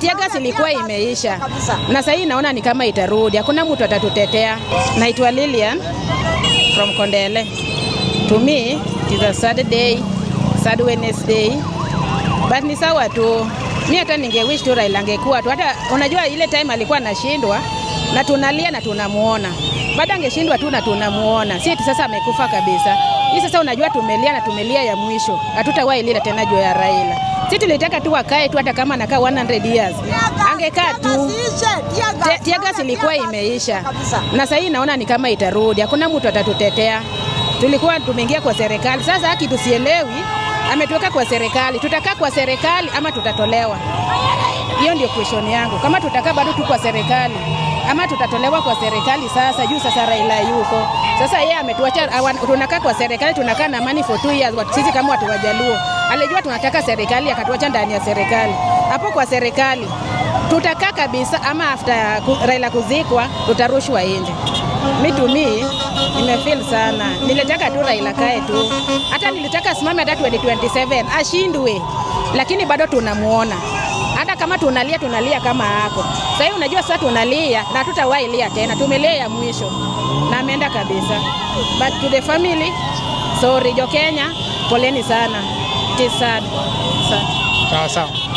Tiagas ilikuwa imeisha na sahii naona ni kama itarudi, hakuna mtu atatutetea. Naitwa Lilian from Kondele. To me it is a sad day, sad Wednesday. But ni sawa tu, mi hata ningewish tu Raila angekuwa tu, hata unajua ile time alikuwa anashindwa na tunalia na tunamwona, baada angeshindwa tu na tunamuona, si eti sasa amekufa kabisa. Hii sasa, unajua tumelia na tumelia ya mwisho, hatutawahi lia tena juu ya Raila. Si tulitaka tu wakae tu, hata kama anakaa 100 years angekaa tu. Tiagas ilikuwa imeisha, na sasa hii naona ni kama itarudi. Hakuna mtu atatutetea. Tulikuwa tumeingia kwa serikali, sasa haki tusielewi, ametuweka kwa serikali. Tutakaa kwa serikali ama tutatolewa? Hiyo ndio question yangu, kama tutakaa bado tu kwa serikali ama tutatolewa kwa serikali. Sasa juu sasa Raila yuko sasa, yeye ametuacha, tunakaa kwa serikali, tunakaa na amani for two years. Sisi kama watu wajaluo alijua tunataka serikali, akatuacha ndani ya serikali. Hapo kwa serikali tutakaa kabisa, ama after Raila kuzikwa tutarushwa nje. Mimi tu mimi nimefeel sana, nilitaka tu Raila kae tu, hata nilitaka simame hata 2027 ashindwe, lakini bado tunamuona kama tunalia tunalia kama hako sasa hivi, unajua sasa tunalia na tutawahi lia tena, tumelia ya mwisho na ameenda kabisa. But to the family, sorry. Jo Kenya, poleni sana, it is sad. Sawa sawa.